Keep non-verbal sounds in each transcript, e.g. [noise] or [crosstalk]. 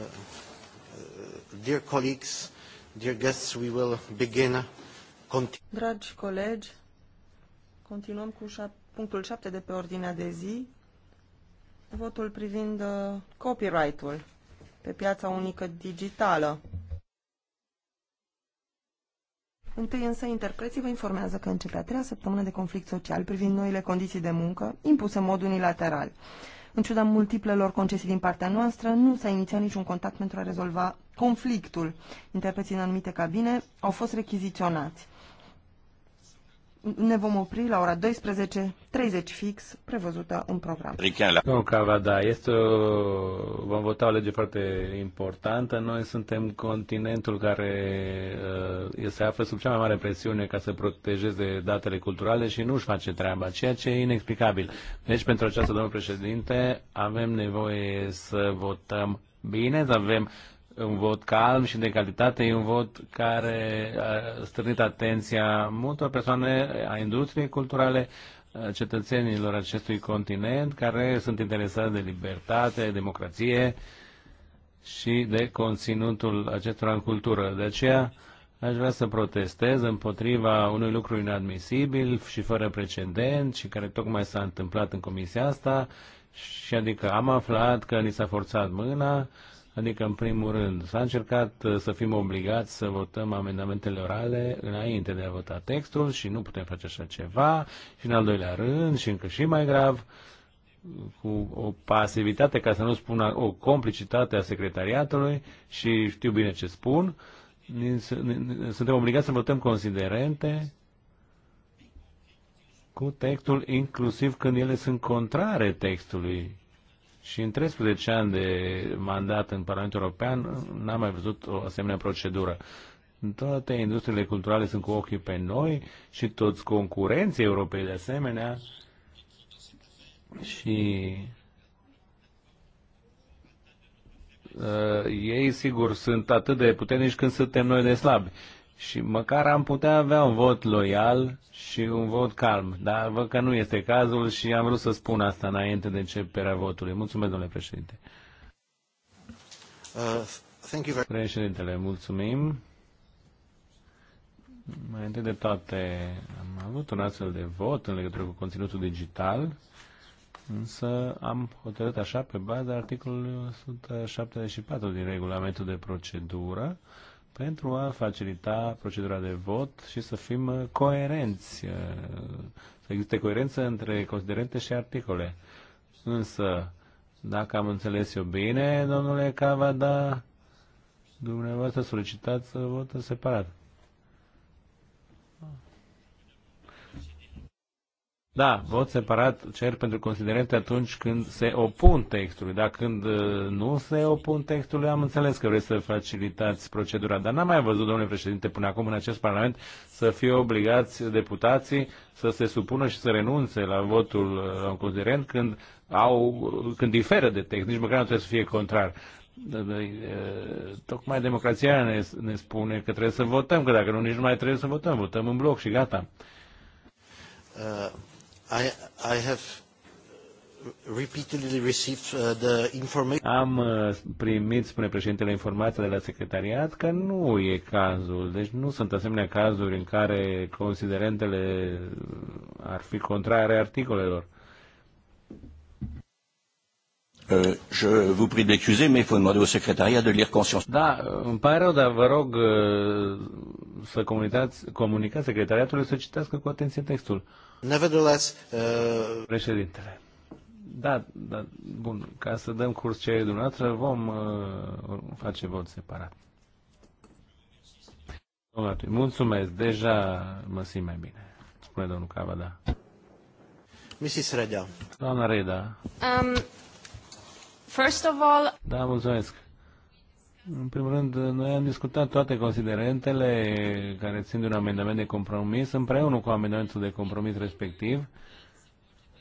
Uh, dear colleagues, dear guests, we will begin. Dragi colegi, continuăm cu punctul 7 de pe ordinea de zi, votul privind uh, copyright-ul pe piața unică digitală. Întâi însă interpreții vă informează că începe a treia săptămână de conflict social privind noile condiții de muncă impuse în mod unilateral. În ciuda multiplelor concesii din partea noastră, nu s-a inițiat niciun contact pentru a rezolva conflictul. Interpreții în anumite cabine au fost rechiziționați ne vom opri la ora 12.30 fix, prevăzută în program. Domnul Cavada, este o, vom vota o lege foarte importantă. Noi suntem continentul care uh, se află sub cea mai mare presiune ca să protejeze datele culturale și nu își face treaba, ceea ce e inexplicabil. Deci, pentru aceasta, domnul președinte, avem nevoie să votăm bine, să avem un vot calm și de calitate, e un vot care a strânit atenția multor persoane a industriei culturale, cetățenilor acestui continent, care sunt interesați de libertate, democrație și de conținutul acestora în cultură. De aceea aș vrea să protestez împotriva unui lucru inadmisibil și fără precedent și care tocmai s-a întâmplat în comisia asta, și adică am aflat că ni s-a forțat mâna, Adică, în primul rând, s-a încercat uh, să fim obligați să votăm amendamentele orale înainte de a vota textul și nu putem face așa ceva. Și, în al doilea rând, și încă și mai grav, cu o pasivitate, ca să nu spun o complicitate a secretariatului și știu bine ce spun, suntem obligați să votăm considerente cu textul, inclusiv când ele sunt contrare textului și în 13 ani de mandat în Parlamentul European n-am mai văzut o asemenea procedură. Toate industriile culturale sunt cu ochii pe noi și toți concurenții europei de asemenea. Și uh, ei, sigur, sunt atât de puternici când suntem noi de slabi. Uh, și măcar am putea avea un vot loial și un vot calm. Dar văd că nu este cazul și am vrut să spun asta înainte de începerea votului. Mulțumesc, domnule președinte. Uh, Președintele, mulțumim. Mai întâi de toate, am avut un astfel de vot în legătură cu conținutul digital, însă am hotărât așa pe baza articolului 174 din regulamentul de procedură, pentru a facilita procedura de vot și să fim coerenți, eh, să existe coerență între considerente și articole. Însă, dacă am înțeles eu bine, domnule Cavada, dumneavoastră solicitați votă separat. Da, vot separat cer pentru considerente atunci când se opun textului. Dacă când uh, nu se opun textului, am înțeles că vreți să facilitați procedura. Dar n-am mai văzut, domnule președinte, până acum în acest Parlament să fie obligați deputații să se supună și să renunțe la votul la uh, un considerent când, au, când diferă de text. Nici măcar nu trebuie să fie contrar uh, tocmai democrația ne, ne spune că trebuie să votăm, că dacă nu, nici nu mai trebuie să votăm, votăm în bloc și gata. Uh, I, have repeatedly received uh, the information. Am uh, primit, spune președintele, informația de la secretariat că nu e cazul. Deci nu sunt asemenea cazuri în care considerentele ar fi contrare articolelor. Euh, je vous prie de l'excuser, mais il faut demander au secrétariat de lire conscience. Da, îmi pare rău, dar vă rog uh, să comunicați, comunicați secretariatului să citească cu atenție textul. Nevertheless... Uh... Președintele. Da, da, bun, ca să dăm curs ce e dumneavoastră, vom uh, face vot separat. Domnul mulțumesc, deja mă simt mai bine, spune domnul Cavada. Mrs. Reda. Doamna Reda. Um, First of all... Da, mulțumesc. În primul rând, noi am discutat toate considerentele care țin de un amendament de compromis împreună cu amendamentul de compromis respectiv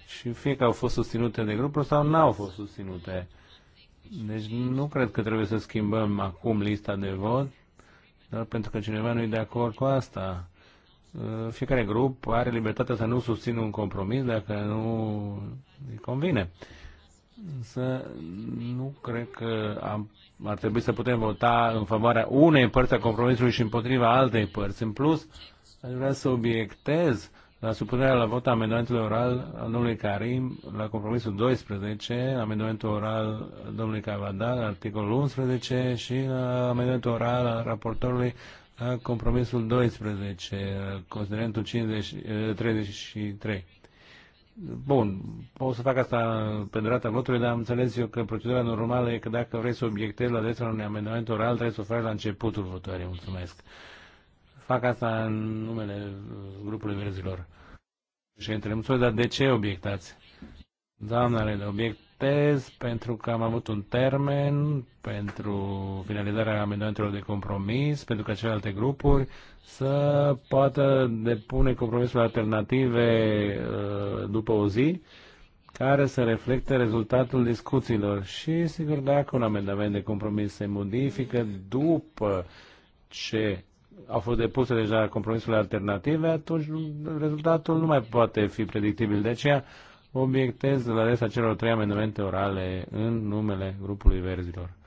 și fie că au fost susținute de grupuri sau nu au fost susținute. Deci nu cred că trebuie să schimbăm acum lista de vot, dar pentru că cineva nu e de acord cu asta. Uh, fiecare grup are libertatea să nu susțină un compromis dacă nu îi convine. Însă nu cred că am, ar trebui să putem vota în favoarea unei părți a compromisului și împotriva altei părți. În plus, aș vrea să obiectez la supunerea la vot amendamentului oral al domnului Karim, la compromisul 12, amendamentul oral domnului Cavadal, articolul 11 și la amendamentul oral al raportorului la compromisul 12, considerentul 50, 33. Eh, Bun, o să fac asta pe durata votului, dar am înțeles eu că procedura normală e că dacă vrei să obiectezi la adresa unui amendament oral, trebuie să o faci la începutul votării. Mulțumesc. Fac asta în numele grupului verzilor. Și întrebăm, dar de ce obiectați? Doamnele de obiectez, pentru că am avut un termen pentru finalizarea amendamentelor de compromis, pentru ca celelalte grupuri să poată depune compromisuri alternative uh, după o zi care să reflecte rezultatul discuțiilor și, sigur, dacă un amendament de compromis se modifică după ce au fost depuse deja compromisurile alternative, atunci rezultatul nu mai poate fi predictibil. De aceea obiectez la adresa celor trei amendamente orale în numele grupului verzilor.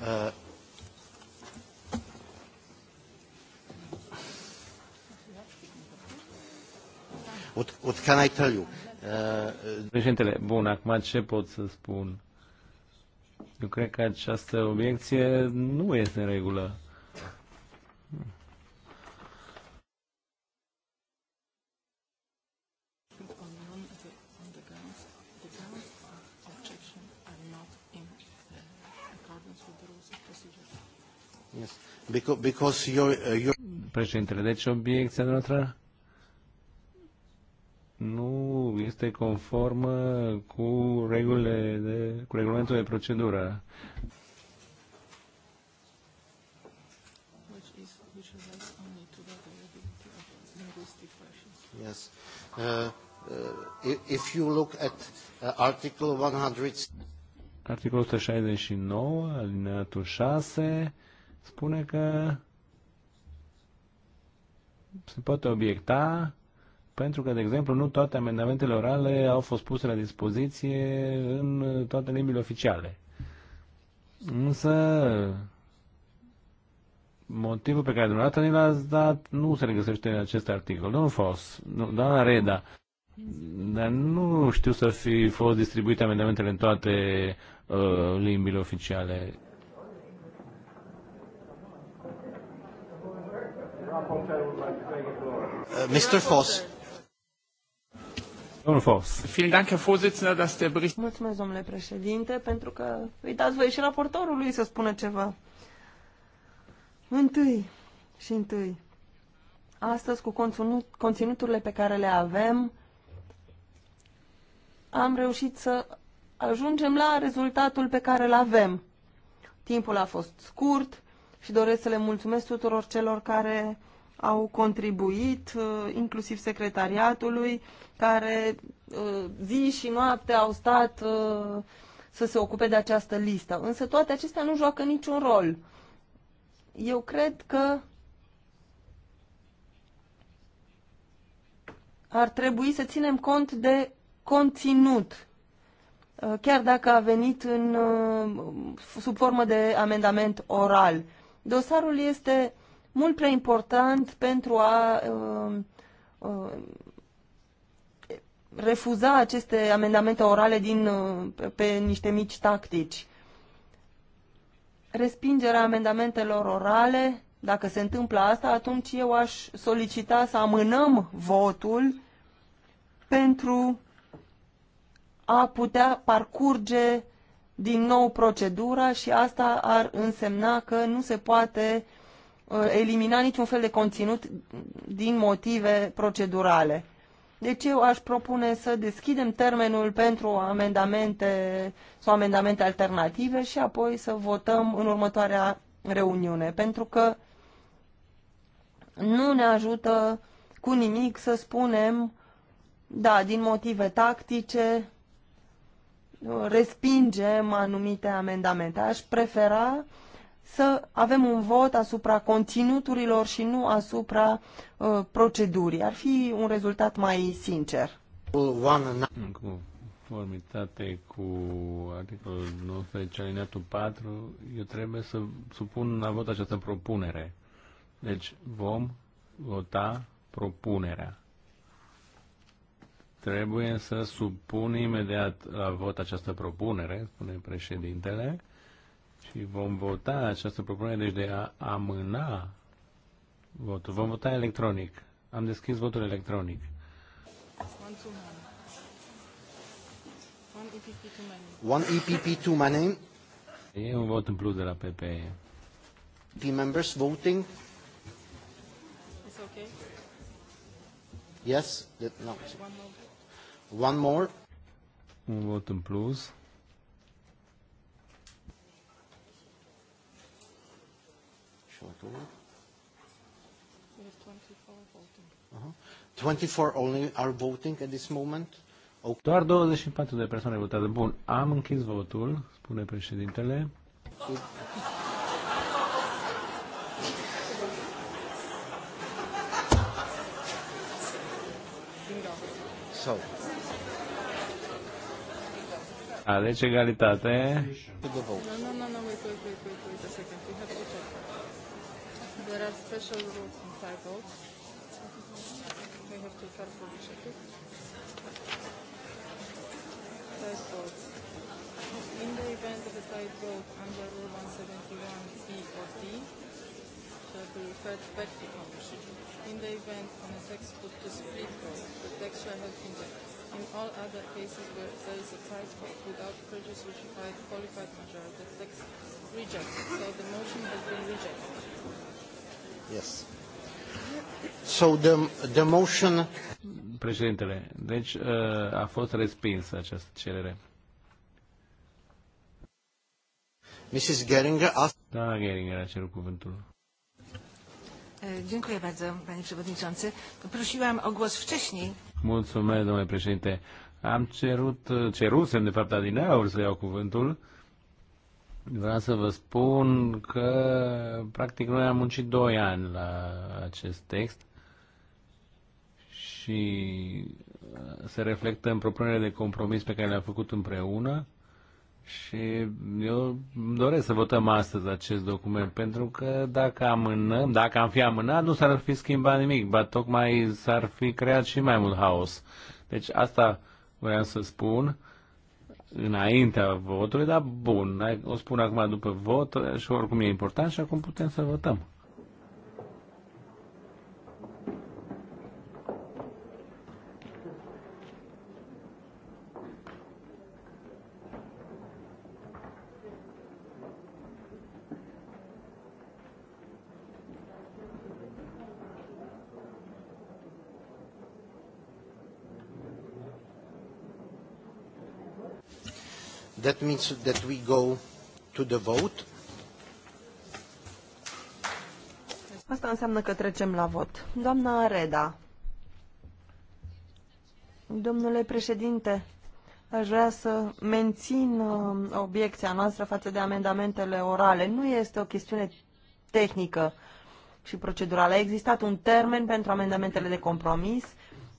Uh, what, what can I tell you? Președintele, bun, acum ce pot să spun? Eu cred că această obiecție nu este în regulă. Yes. Because, because your, uh, your... Președintele, deci obiecția noastră este conformă cu regulile de, cu regulamentul de procedură. Yes. Uh, uh if you look at uh, article 100 Articolul 169, alineatul 6, spune că se poate obiecta pentru că, de exemplu, nu toate amendamentele orale au fost puse la dispoziție în toate limbile oficiale. Însă, motivul pe care dumneavoastră ni l-ați dat nu se regăsește în acest articol. Domnul Fos, doamna Reda, dar nu știu să fi fost distribuite amendamentele în toate uh, limbile oficiale. Uh, Mr. Foss. Domnul Mulțumesc, domnule președinte, pentru că îi dați voi și raportorului să spună ceva. Întâi și întâi, astăzi cu conținut, conținuturile pe care le avem, am reușit să ajungem la rezultatul pe care îl avem. Timpul a fost scurt și doresc să le mulțumesc tuturor celor care au contribuit, uh, inclusiv secretariatului, care uh, zi și noapte au stat uh, să se ocupe de această listă. Însă toate acestea nu joacă niciun rol. Eu cred că ar trebui să ținem cont de conținut, chiar dacă a venit în, sub formă de amendament oral. Dosarul este mult prea important pentru a uh, uh, refuza aceste amendamente orale din, uh, pe niște mici tactici. Respingerea amendamentelor orale, dacă se întâmplă asta, atunci eu aș solicita să amânăm votul pentru a putea parcurge din nou procedura și asta ar însemna că nu se poate uh, Uh, elimina niciun fel de conținut din motive procedurale. Deci eu aș propune să deschidem termenul pentru amendamente sau amendamente alternative și apoi să votăm în următoarea reuniune, pentru că nu ne ajută cu nimic să spunem, da, din motive tactice, uh, respingem anumite amendamente. Aș prefera uh, să avem un vot asupra conținuturilor și nu asupra uh, procedurii. Ar fi un rezultat mai sincer. Cu conformitate cu articolul 19 alineatul 4, eu trebuie să supun la vot această propunere. Deci vom vota propunerea. Trebuie să supun imediat la vot această propunere, spune președintele și vom vota această propunere, deci de a amâna votul. Vom vota electronic. Am deschis votul electronic. One EPP my name. E un vot în plus de la PPE. The members voting. It's okay. Yes, no. One more. One more. Un vot în plus. 24 only are voting at this moment. Okay. Doar 24 de persoane votează. Bun, am închis votul, spune președintele. So. A, deci egalitate. No, no, no, no, wait, wait, wait, wait, wait a second. We have to check. There are special rules inside votes. We have to carefully check it. Side votes. In the event of a side vote under Rule 171C or D, shall be referred back to Commission. In the event on a text put to split vote, the text shall have been there. In all other cases where there is a side vote without prejudice which qualified majority, the text rejected. So the motion has been rejected. Yes. So the, the motion... Președintele, deci uh, a fost respinsă această cerere. Mrs. Geringer, ask... Da, Geringer a cerut cuvântul. Dziękuję bardzo, panie przewodniczący. Prosiłam o głos wcześniej. Mulțumesc, domnule președinte. Am cerut, cerusem, de fapt, adineauri să iau cuvântul Vreau să vă spun că, practic, noi am muncit 2 ani la acest text și uh, se reflectă în propunerea de compromis pe care le-am făcut împreună și eu doresc să votăm astăzi acest document pentru că dacă amânăm, dacă am fi amânat, nu s-ar fi schimbat nimic, ba tocmai s-ar fi creat și mai mult haos. Deci asta vreau să spun înaintea votului, dar bun, o spun acum după vot și oricum e important și acum putem să votăm. That means that we go to the vote. Asta înseamnă că trecem la vot. Doamna Reda. Domnule președinte, aș vrea să mențin uh, obiecția noastră față de amendamentele orale. Nu este o chestiune tehnică și procedurală. A existat un termen pentru amendamentele de compromis.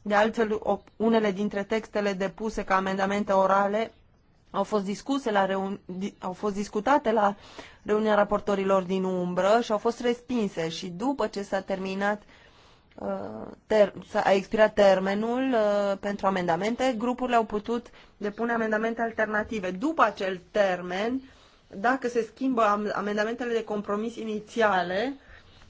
De altfel, unele dintre textele depuse ca amendamente orale au fost, discuse la reuni- au fost discutate la reuniunea raportorilor din umbră și au fost respinse. Și după ce s-a terminat, uh, ter- a expirat termenul uh, pentru amendamente, grupurile au putut depune amendamente alternative. După acel termen, dacă se schimbă amendamentele de compromis inițiale,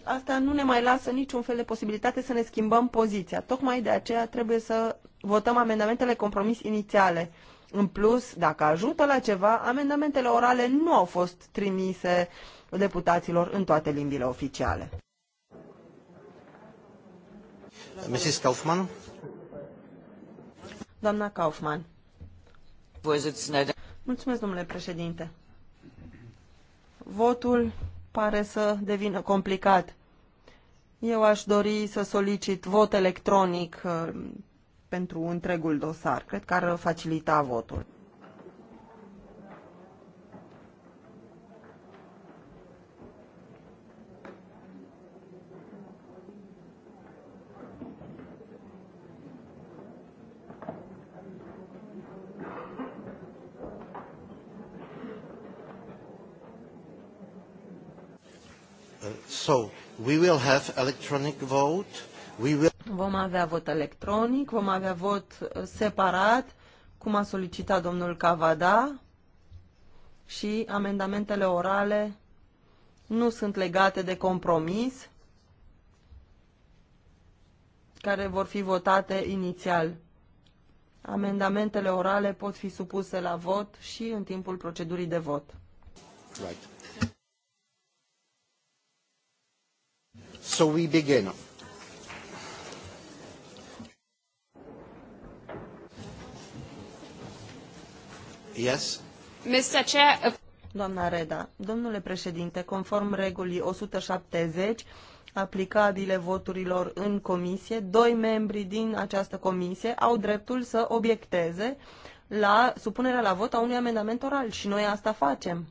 asta nu ne mai lasă niciun fel de posibilitate să ne schimbăm poziția. Tocmai de aceea trebuie să votăm amendamentele compromis inițiale în plus, dacă ajută la ceva, amendamentele orale nu au fost trimise deputaților în toate limbile oficiale. Mrs. Kaufmann? Doamna Kaufmann. Mulțumesc, domnule președinte. Votul pare să devină complicat. Eu aș dori să solicit vot electronic uh, pentru întregul dosar. Cred că ar facilita votul. So, we will have electronic vote. Vom avea vot electronic, vom avea vot uh, separat, cum a solicitat domnul Cavada, și amendamentele orale nu sunt legate de compromis, care vor fi votate inițial. Amendamentele orale pot fi supuse la vot și în timpul procedurii de vot. Right. So we begin. Yes. Mr. Chair... Uh, Doamna Reda, domnule președinte, conform regulii 170, aplicabile voturilor în comisie, doi membri din această comisie au dreptul să obiecteze la supunerea la vot a unui amendament oral și noi asta facem.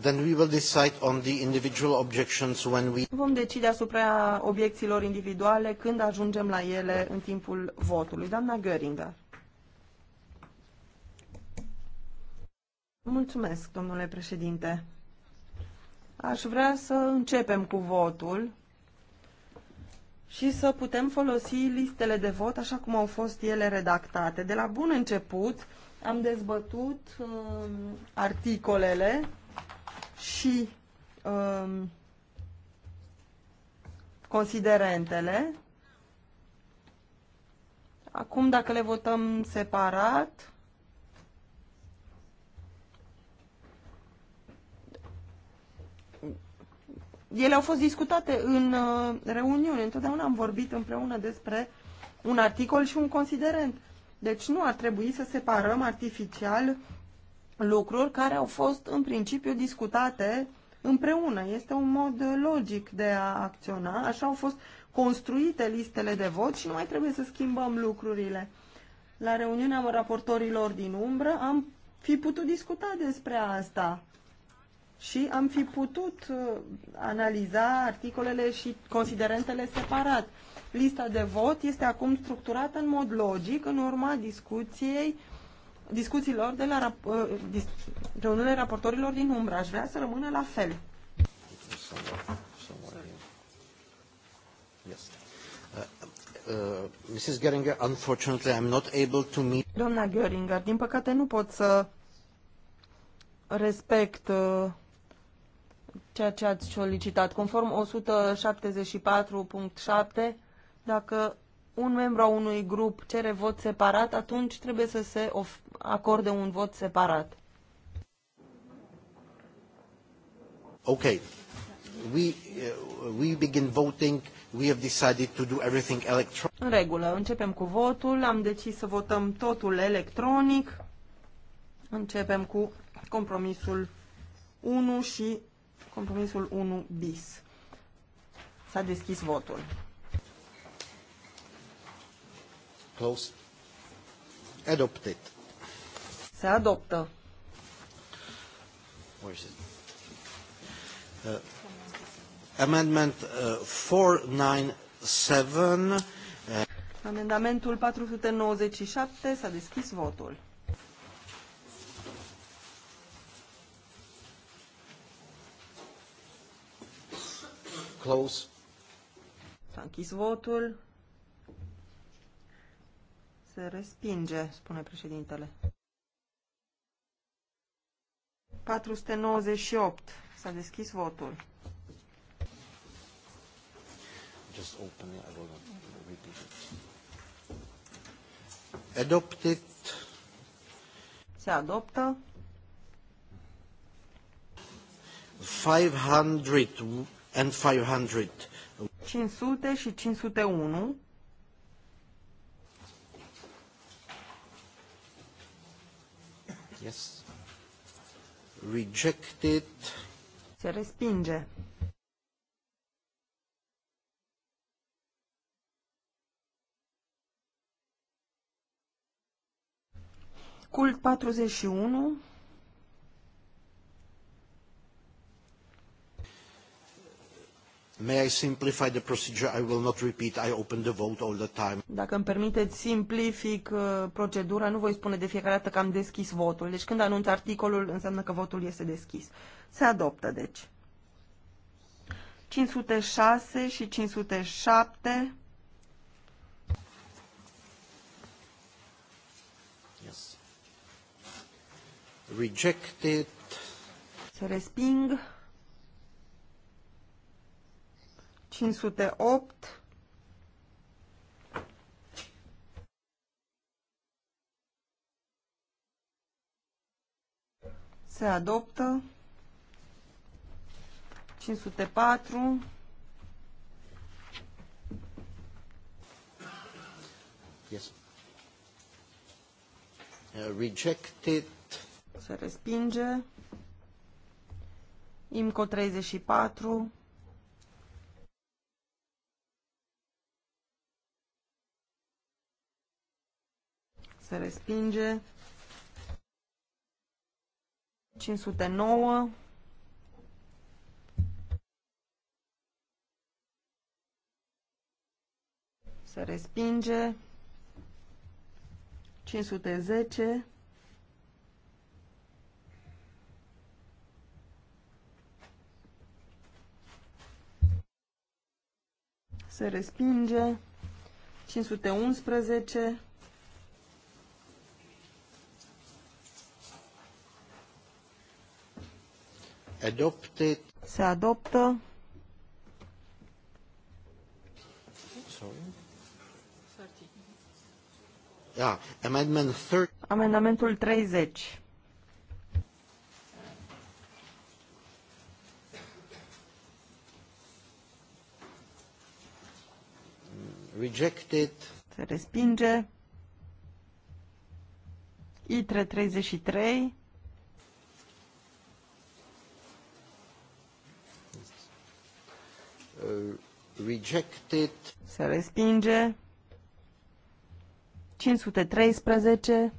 then we will decide on the individual objections when we... Vom decide asupra obiecțiilor individuale când ajungem la ele în timpul votului. Doamna Göringer. Mulțumesc, domnule președinte. Aș vrea să începem cu votul și să putem folosi listele de vot așa cum au fost ele redactate. De la bun început am dezbătut um, articolele și um, considerentele. Acum, dacă le votăm separat, ele au fost discutate în uh, reuniune. Întotdeauna am vorbit împreună despre un articol și un considerent. Deci nu ar trebui să separăm artificial lucruri care au fost în principiu discutate împreună. Este un mod logic de a acționa. Așa au fost construite listele de vot și nu mai trebuie să schimbăm lucrurile. La reuniunea raportorilor din umbră am fi putut discuta despre asta și am fi putut uh, analiza articolele și considerentele separat. Lista de vot este acum structurată în mod logic în urma discuției discuțiilor de la rap- uh, reuniunea raportorilor din umbră. Aș vrea să rămână la fel. Uh, uh, Mrs. Geringer, unfortunately, I'm not able to meet... Doamna Göringer, din păcate nu pot să respect ceea ce ați solicitat. Conform 174.7, dacă un membru a unui grup cere vot separat, atunci trebuie să se acorde un vot separat. Ok. We, uh, we begin voting. We have decided to do everything electronic. În regulă, începem cu votul. Am decis să votăm totul electronic. Începem cu compromisul 1 și compromisul 1 bis. S-a deschis votul. Close. Adopted. Se adoptă. Uh, amendment uh, 497. Uh. Amendamentul 497 s-a deschis votul. Close. S-a închis votul. Se respinge, spune președintele. 498. S-a deschis votul. Just open it. I will repeat it. Adopted. Se adoptă. 500 and 500. 500 și 501. Rejected. Se respinge. Cult 41 May I simplify the procedure? I will not repeat. I open the vote all the time. Dacă îmi permiteți, simplific uh, procedura. Nu voi spune de fiecare dată că am deschis votul. Deci când anunț articolul, înseamnă că votul este deschis. Se adoptă, deci. 506 și 507. Yes. Rejected. Se resping. 508 se adoptă 504 yes. Uh, rejected se respinge IMCO 34 se respinge. 509 se respinge. 510 se respinge. 511 adopted. Se adoptă. Sorry. Yeah, amendment 30. Amendamentul 30. Rejected. Se respinge. ITRE 33. Uh, rejected. Se respinge. 513.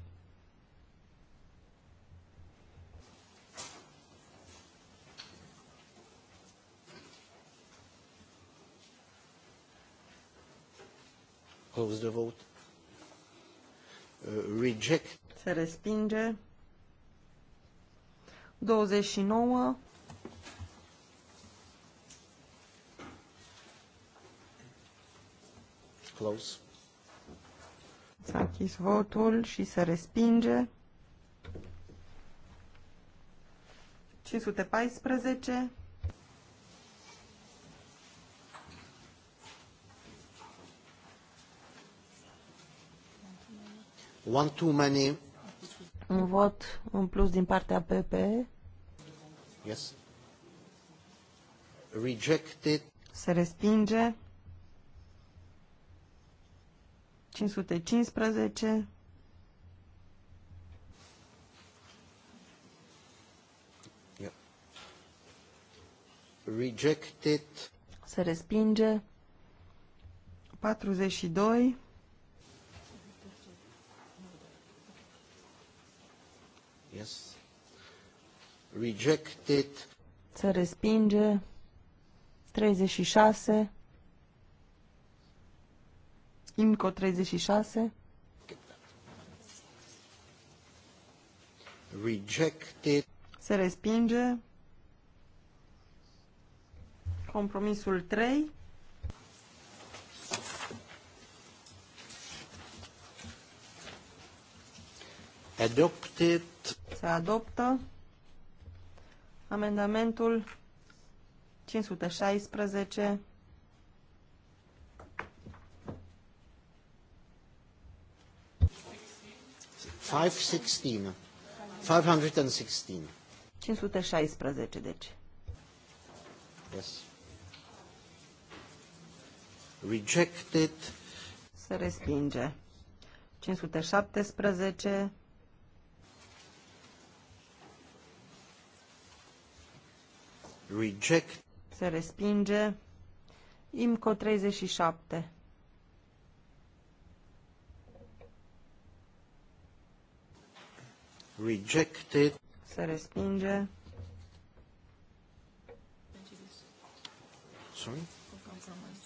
Close the vote. Uh, reject. Se respinge. 29. Close. S-a închis votul și se respinge. 514. One too many. Un vot în plus din partea PP. Yes. Rejected. Se respinge. 515. Rejected. Se respinge. 42. Yes. Rejected. Se respinge. 36. IMCO 36. Rejected. Se respinge. Compromisul 3. Adopted. Se adoptă amendamentul 516 516. 516. deci. Yes. Rejected. Se respinge. 517. Reject. Se respinge. IMCO 37. Rejected. Se respinge. Sorry?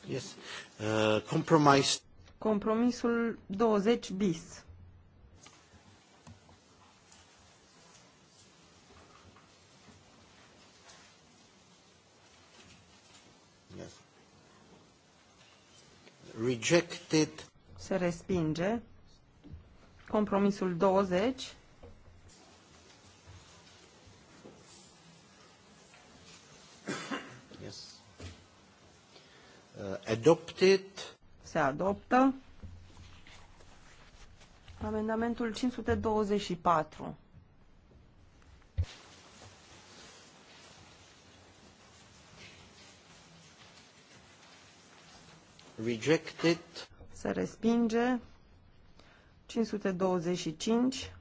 Yes. Uh, compromise. Compromisul 20 bis. Yes. Rejected. Se respinge. Compromisul 20. Uh, adopted. Se adoptă. Amendamentul 524. Rejected. Se respinge. 525.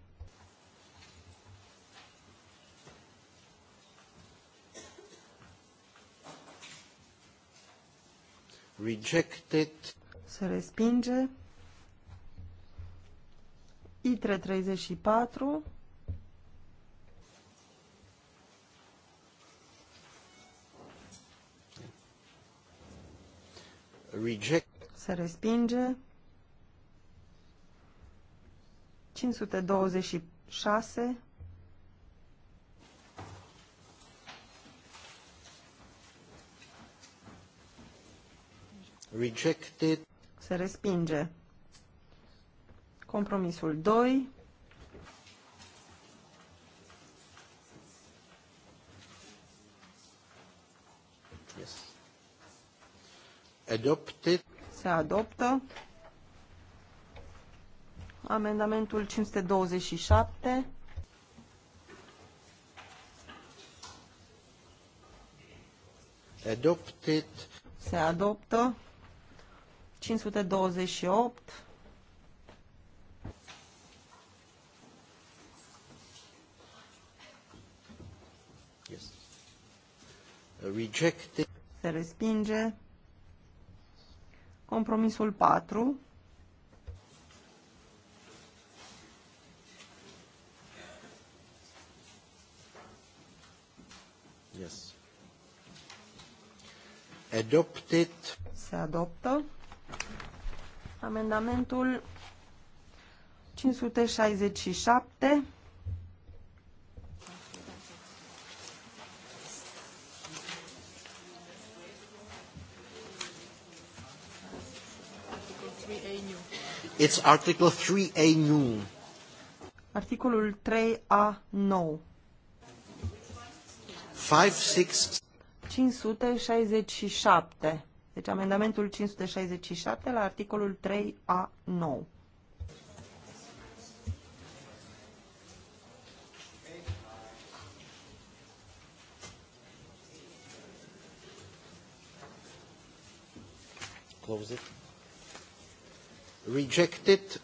Rejected. Se respinge. i 34. Reject. Se respinge. 526. rejected. Se respinge. Compromisul 2. Yes. Adopted. Se adoptă. Amendamentul 527. Adopted. Se adoptă. 528. Yes. Rejected. Se respinge. Compromisul 4. Yes. Adopted. Se adoptă. Amendamentul 567. It's Article 3A new. Articolul 3A nou. 567. Deci amendamentul 567 la articolul 3A9. Close it. Rejected.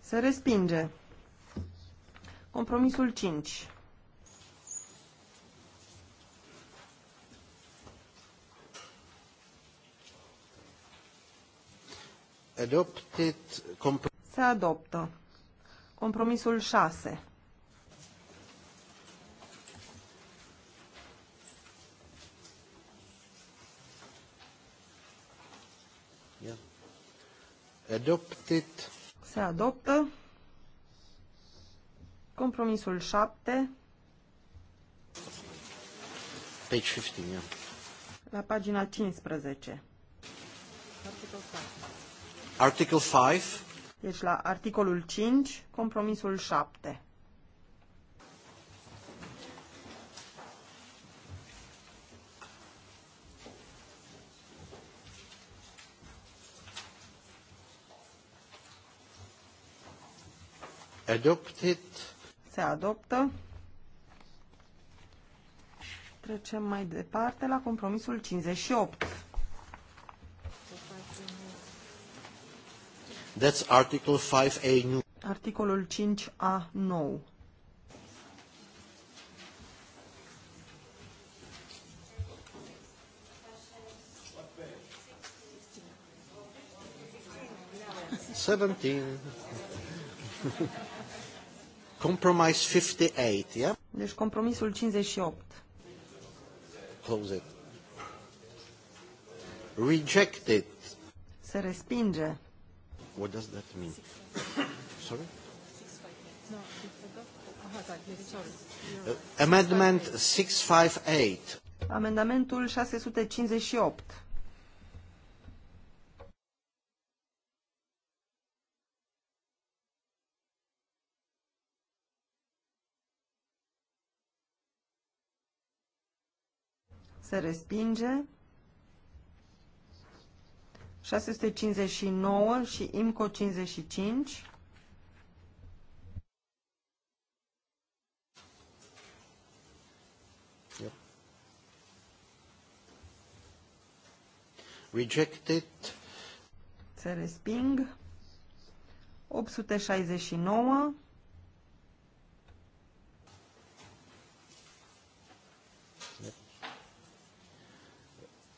Se respinge. Compromisul 5. Se adoptă. Compromisul 6. Adopted. Se adoptă. Compromisul 7. Page 15, yeah. La pagina 15. Articol 4. Article 5. Deci la articolul 5, compromisul 7. Adopted. Se adoptă. Trecem mai departe la compromisul 58. That's Article 5A new. Articolul 5A nou. Seventeen. [laughs] Compromise 58, yeah? Deci compromisul 58. Close it. Rejected. Se respinge. What does that mean? Sorry? Uh, amendment 658. Amendamentul 658. Se respinge. 659 și IMCO 55. Rejected. Se resping. 869.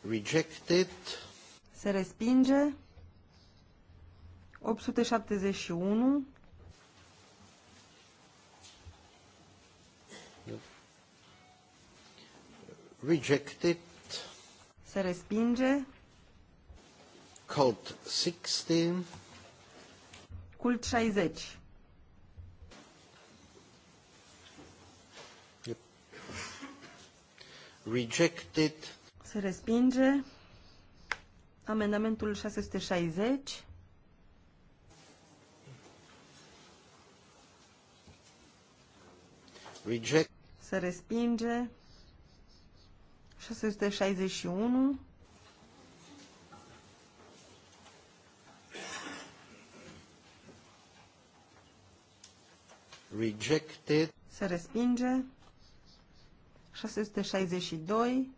Rejected se respinge. 871. Rejected. Se respinge. Cult 16. Cult 60. Yep. Rejected. Se respinge. Amendamentul 660. Reject. Se respinge. 661. Rejected. Se respinge. 662.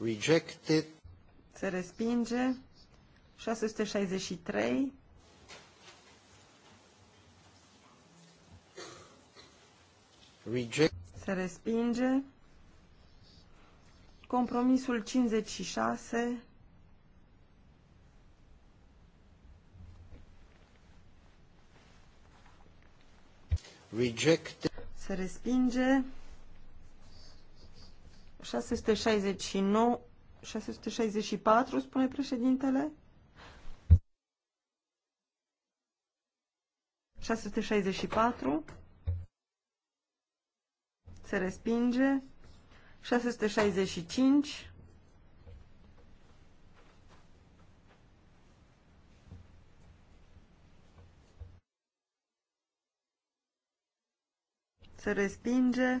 Rejected. Se respinge. 663. Reject. Se respinge. Compromisul 56. Rejected. Se respinge. 669, 664, spune președintele. 664 se respinge 665 se respinge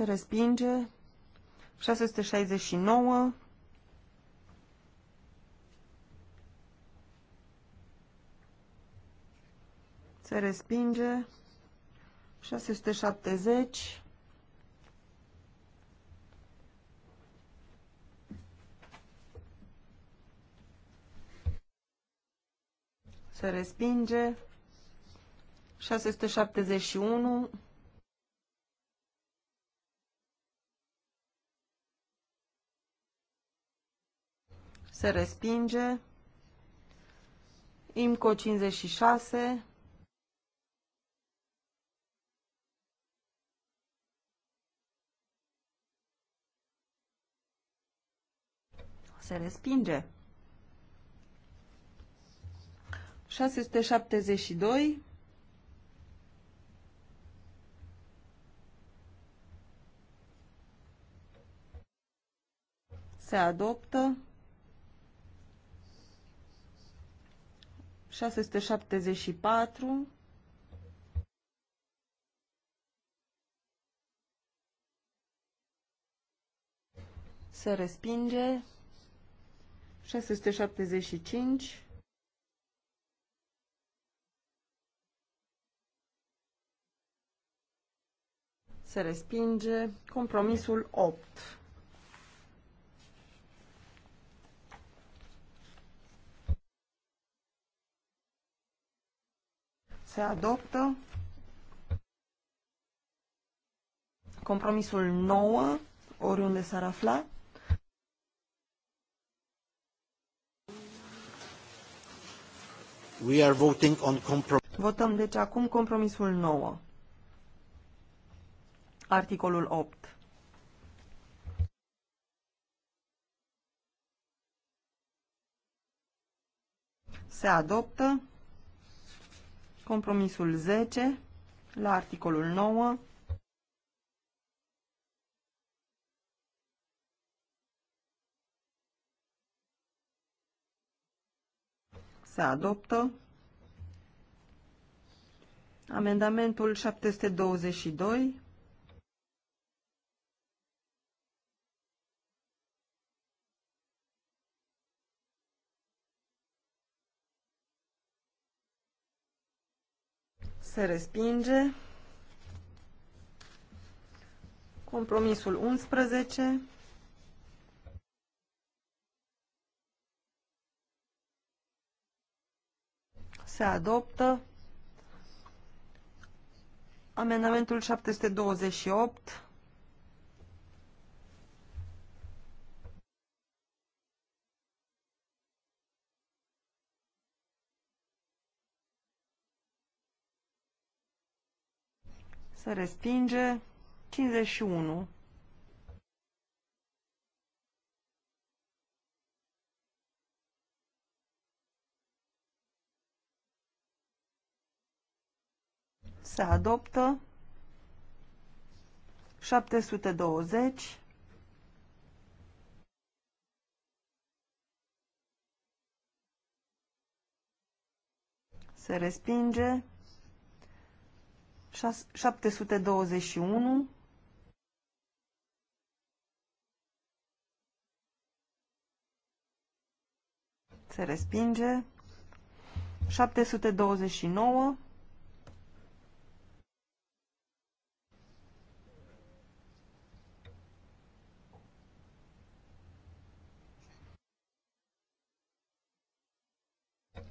se respinge. 669. Se respinge. 670. Se respinge. 671. se respinge. IMCO 56. Se respinge. 672. Se adoptă. 674 se respinge 675 se respinge compromisul 8 se adoptă. Compromisul 9, oriunde s-ar afla. We are voting on Votăm deci acum compromisul 9. Articolul 8. Se adoptă Compromisul 10 la articolul 9. Se adoptă. Amendamentul 722 se respinge. Compromisul 11. Se adoptă. Amendamentul 728 se respinge 51 se adoptă 720 se respinge 721 se respinge 729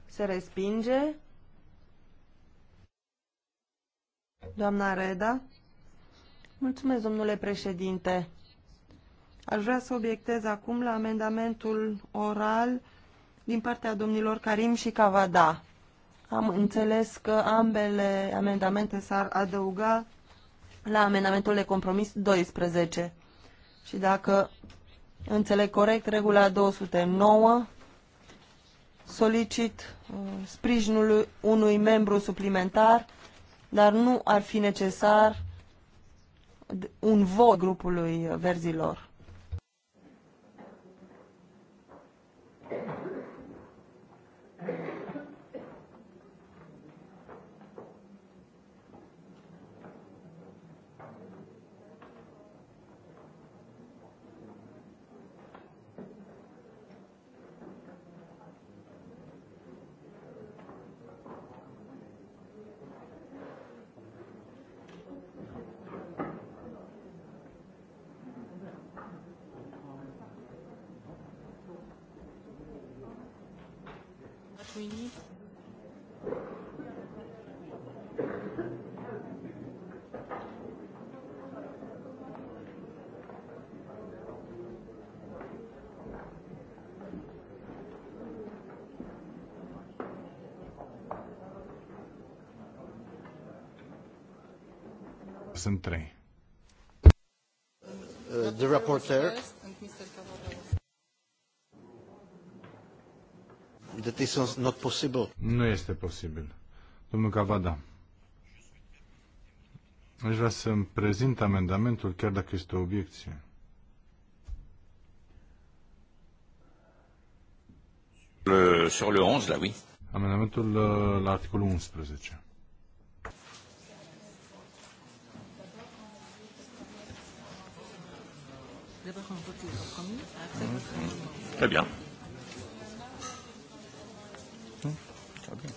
se respinge Doamna Reda. Mulțumesc, domnule președinte. Aș vrea să obiectez acum la amendamentul oral din partea domnilor Karim și Cavada. Am înțeles că ambele amendamente s-ar adăuga la amendamentul de compromis 12. Și dacă înțeleg corect, regula 209 solicit uh, sprijinul unui membru suplimentar dar nu ar fi necesar un vot grupului verzilor. what we need. Sunt trei. Uh, the rapporteur. that is not possible. Nu este posibil. Domnul Cavada, aș vrea să-mi prezint amendamentul, chiar dacă este o obiecție. Le, sur le 11, là, oui. Amendamentul uh, la articolul 11. Très bien. Va bine.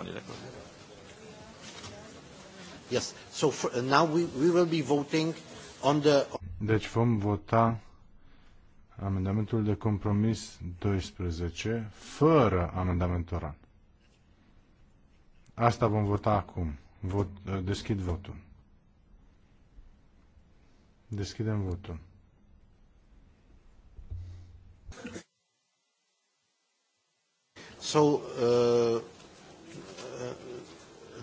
On est d'accord. Yes. So for, uh, now we, we will be voting on the Deci vom vota amendamentul de compromis 12 fără amendamentul oral. Asta vom vota acum. Vot, uh, deschid votul. Deschidem votul. So, uh, uh,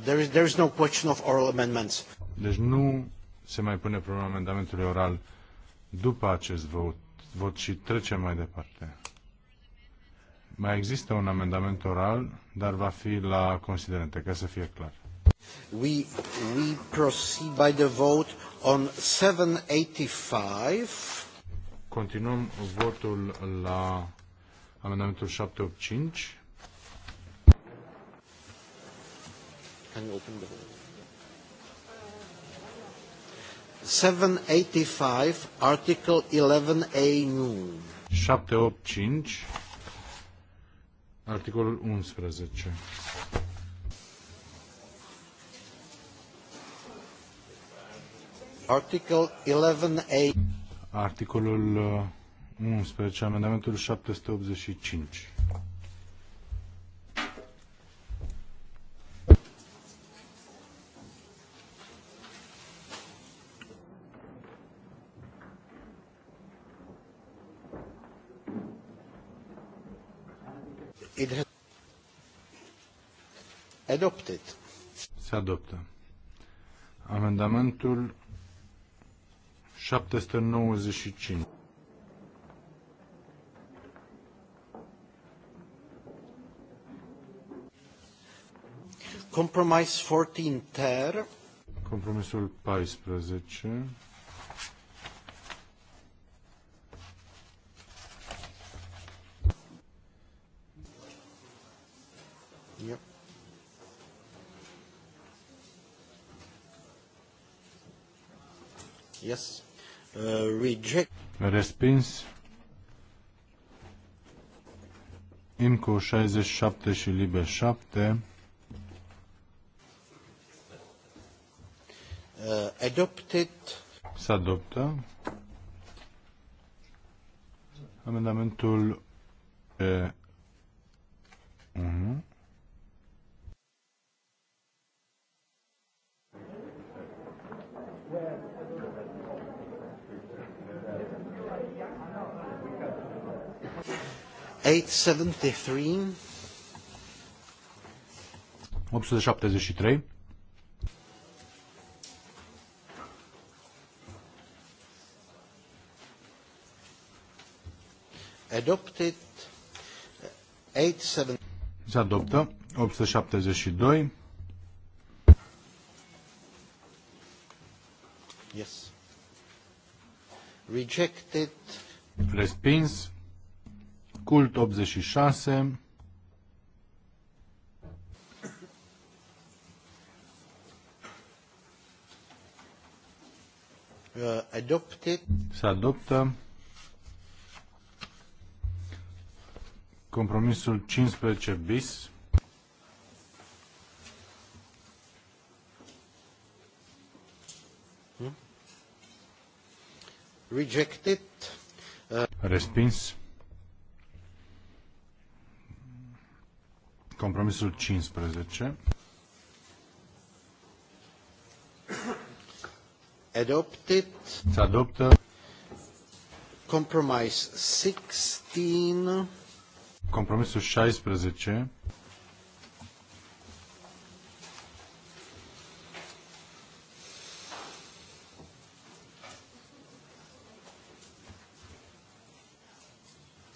there, is, there is no question of oral amendments. Deci nu se mai pune problema amendamentului oral după acest vot, vot și trecem mai departe. Mai există un amendament oral, dar va fi la considerente, ca să fie clar. We, proceed by the vote on 785. Continuăm votul la amendamentul 785. Can you open the vote? 785, Article 11A new. 785, articolul 11. Article 11a. Articolul 11, uh, amendamentul 785. It has adopted. Se adoptă. Amendamentul 795. Compromise 14 ter. Compromisul 14. respins. IMCO 67 și LIBE 7. Uh, adopted. Se adoptă. Amendamentul 873. 873. Adopted 87. Se adoptă 872. Yes. Rejected. Respins Cult 86. Uh, adopted. Se adoptă. Compromisul 15 bis. Hmm? Rejected. Uh, Respins. Compromisul 15. Adopted. Se adoptă. Compromise 16. Compromisul 16.